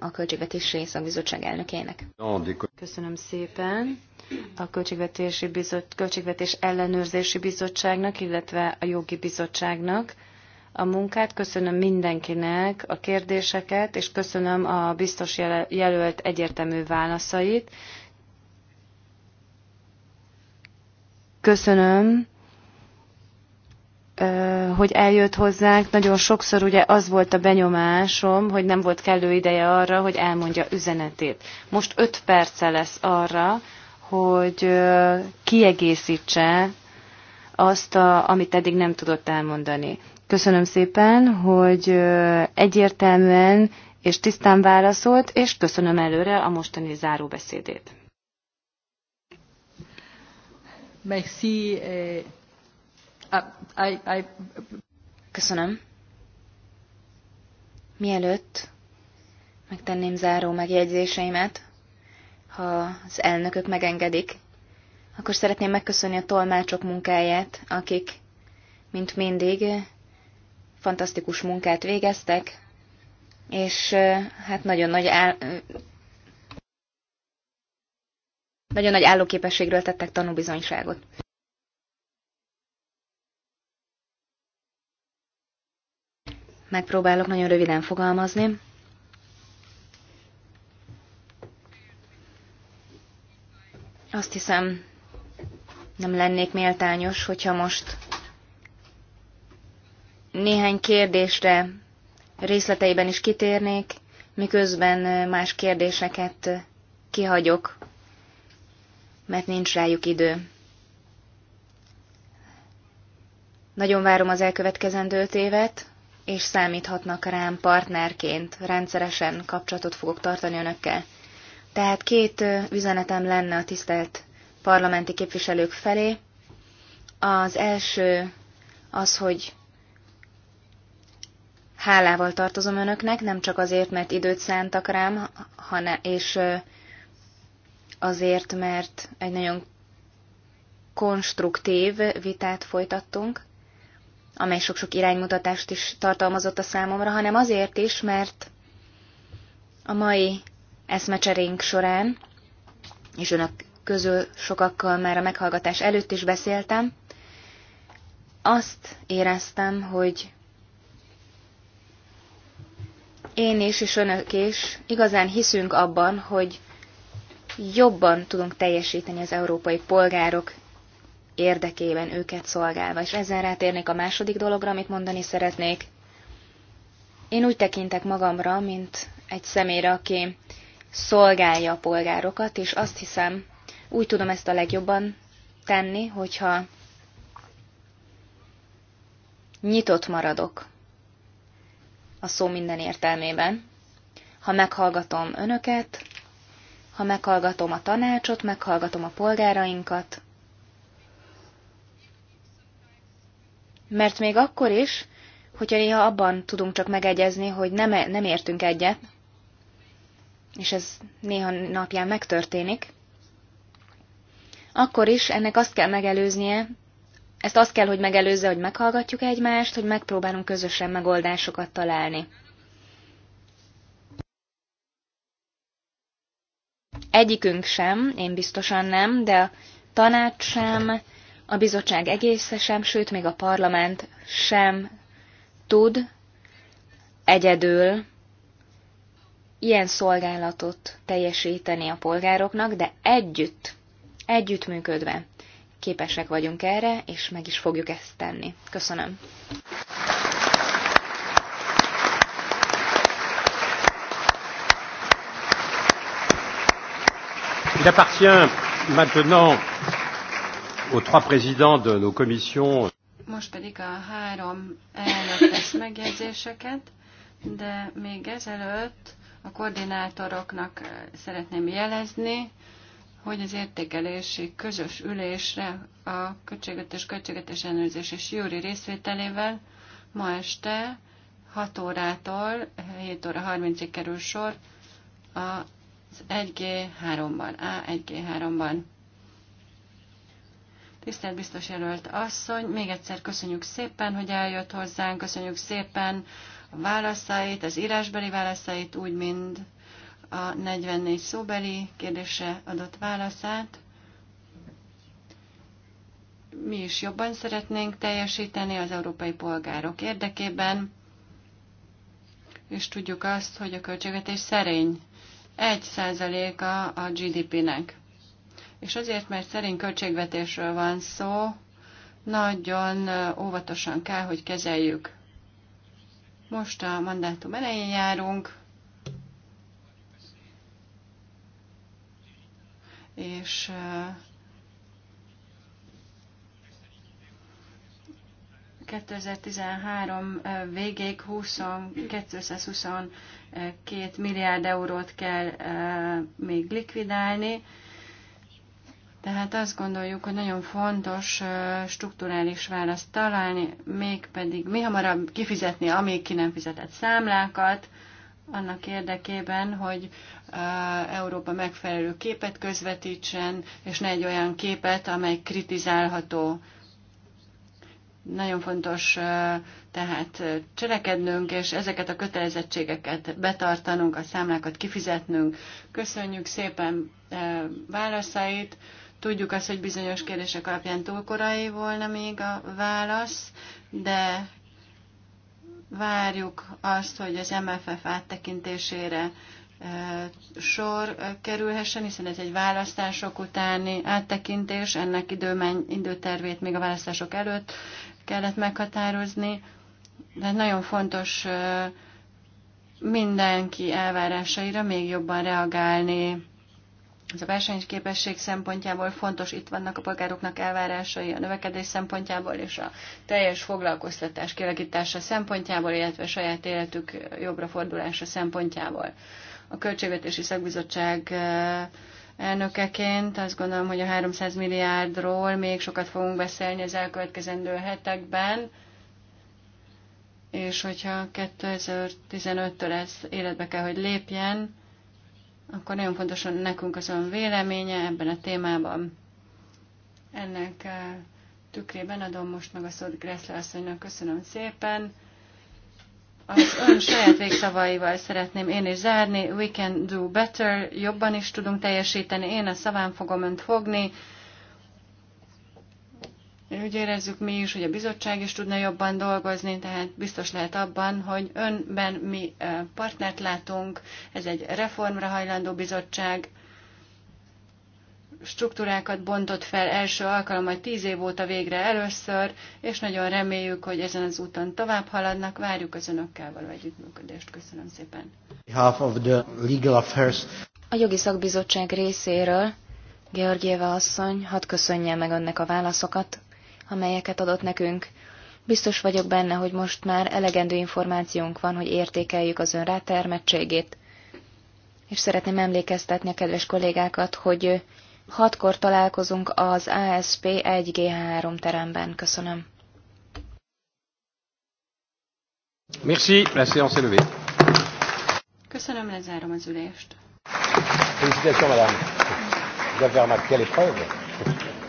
átadom a a bizottság elnökének. Köszönöm szépen a Költségvetési Bizot, Költségvetés Ellenőrzési Bizottságnak, illetve a Jogi Bizottságnak a munkát. Köszönöm mindenkinek a kérdéseket, és köszönöm a biztos jelölt egyértelmű válaszait. Köszönöm hogy eljött hozzánk, nagyon sokszor ugye az volt a benyomásom, hogy nem volt kellő ideje arra, hogy elmondja üzenetét. Most öt perce lesz arra, hogy kiegészítse azt, a, amit eddig nem tudott elmondani. Köszönöm szépen, hogy egyértelműen és tisztán válaszolt, és köszönöm előre a mostani záróbeszédét. Merci. Eh... I, I... Köszönöm. Mielőtt megtenném záró megjegyzéseimet, ha az elnökök megengedik, akkor szeretném megköszönni a tolmácsok munkáját, akik, mint mindig, fantasztikus munkát végeztek, és hát nagyon nagy áll... Nagyon nagy állóképességről tettek tanúbizonyságot. Megpróbálok nagyon röviden fogalmazni. Azt hiszem, nem lennék méltányos, hogyha most néhány kérdésre részleteiben is kitérnék, miközben más kérdéseket kihagyok, mert nincs rájuk idő. Nagyon várom az elkövetkezendő évet, és számíthatnak rám partnerként. Rendszeresen kapcsolatot fogok tartani önökkel. Tehát két üzenetem lenne a tisztelt parlamenti képviselők felé. Az első az, hogy hálával tartozom önöknek, nem csak azért, mert időt szántak rám, hanem, és azért, mert egy nagyon konstruktív vitát folytattunk amely sok-sok iránymutatást is tartalmazott a számomra, hanem azért is, mert a mai eszmecserénk során, és önök közül sokakkal már a meghallgatás előtt is beszéltem, azt éreztem, hogy én is és önök is igazán hiszünk abban, hogy jobban tudunk teljesíteni az európai polgárok érdekében őket szolgálva. És ezzel rátérnék a második dologra, amit mondani szeretnék. Én úgy tekintek magamra, mint egy személyre, aki szolgálja a polgárokat, és azt hiszem, úgy tudom ezt a legjobban tenni, hogyha nyitott maradok a szó minden értelmében. Ha meghallgatom önöket, ha meghallgatom a tanácsot, meghallgatom a polgárainkat, Mert még akkor is, hogyha néha abban tudunk csak megegyezni, hogy nem, e, nem értünk egyet, és ez néha napján megtörténik, akkor is ennek azt kell megelőznie, ezt azt kell, hogy megelőzze, hogy meghallgatjuk egymást, hogy megpróbálunk közösen megoldásokat találni. Egyikünk sem, én biztosan nem, de a tanács sem, a bizottság egésze sem, sőt, még a parlament sem tud egyedül ilyen szolgálatot teljesíteni a polgároknak, de együtt, együttműködve képesek vagyunk erre, és meg is fogjuk ezt tenni. Köszönöm. Il appartient maintenant most pedig a három elnök tesz megjegyzéseket, de még ezelőtt a koordinátoroknak eh, szeretném jelezni, hogy az értékelési közös ülésre a költségvetés, költségvetés ellenőrzés és júri részvételével ma este 6 órától 7 óra 30-ig kerül sor az 1G3-ban, A1G3-ban. Tisztelt biztos jelölt asszony, még egyszer köszönjük szépen, hogy eljött hozzánk, köszönjük szépen a válaszait, az írásbeli válaszait, úgy, mint a 44 szóbeli kérdése adott válaszát. Mi is jobban szeretnénk teljesíteni az európai polgárok érdekében, és tudjuk azt, hogy a költségvetés szerény 1%-a százaléka a GDP-nek és azért, mert szerint költségvetésről van szó, nagyon óvatosan kell, hogy kezeljük. Most a mandátum elején járunk, és uh, 2013 végéig 2222 milliárd eurót kell még likvidálni, tehát azt gondoljuk, hogy nagyon fontos strukturális választ találni, mégpedig mi hamarabb kifizetni, amíg ki nem fizetett számlákat, annak érdekében, hogy Európa megfelelő képet közvetítsen, és ne egy olyan képet, amely kritizálható. Nagyon fontos tehát cselekednünk, és ezeket a kötelezettségeket betartanunk, a számlákat kifizetnünk. Köszönjük szépen válaszait. Tudjuk azt, hogy bizonyos kérdések alapján túl korai volna még a válasz, de várjuk azt, hogy az MFF áttekintésére e, sor e, kerülhessen, hiszen ez egy választások utáni áttekintés, ennek időmen, időtervét még a választások előtt kellett meghatározni. De nagyon fontos e, mindenki elvárásaira még jobban reagálni ez a versenyképesség szempontjából fontos, itt vannak a polgároknak elvárásai a növekedés szempontjából és a teljes foglalkoztatás kialakítása szempontjából, illetve saját életük jobbra fordulása szempontjából. A Költségvetési Szakbizottság eh, elnökeként azt gondolom, hogy a 300 milliárdról még sokat fogunk beszélni az elkövetkezendő hetekben, és hogyha 2015-től ez életbe kell, hogy lépjen, akkor nagyon fontos nekünk az ön véleménye ebben a témában. Ennek eh, tükrében adom most meg a szót Gressler asszonynak. Köszönöm szépen. Az ön saját végszavaival szeretném én is zárni. We can do better. Jobban is tudunk teljesíteni. Én a szaván fogom önt fogni. Én úgy érezzük mi is, hogy a bizottság is tudna jobban dolgozni, tehát biztos lehet abban, hogy önben mi partnert látunk, ez egy reformra hajlandó bizottság, struktúrákat bontott fel első alkalommal tíz év óta végre először, és nagyon reméljük, hogy ezen az úton tovább haladnak. Várjuk az önökkel való együttműködést. Köszönöm szépen. A jogi szakbizottság részéről Georgieva asszony, hadd köszönje meg önnek a válaszokat amelyeket adott nekünk. Biztos vagyok benne, hogy most már elegendő információnk van, hogy értékeljük az ön rátermettségét. És szeretném emlékeztetni a kedves kollégákat, hogy hatkor találkozunk az ASP 1G3 teremben. Köszönöm. Merci, la séance est levée. Köszönöm, lezárom az ülést. Félicitations, madame. Vous avez remarqué l'épreuve.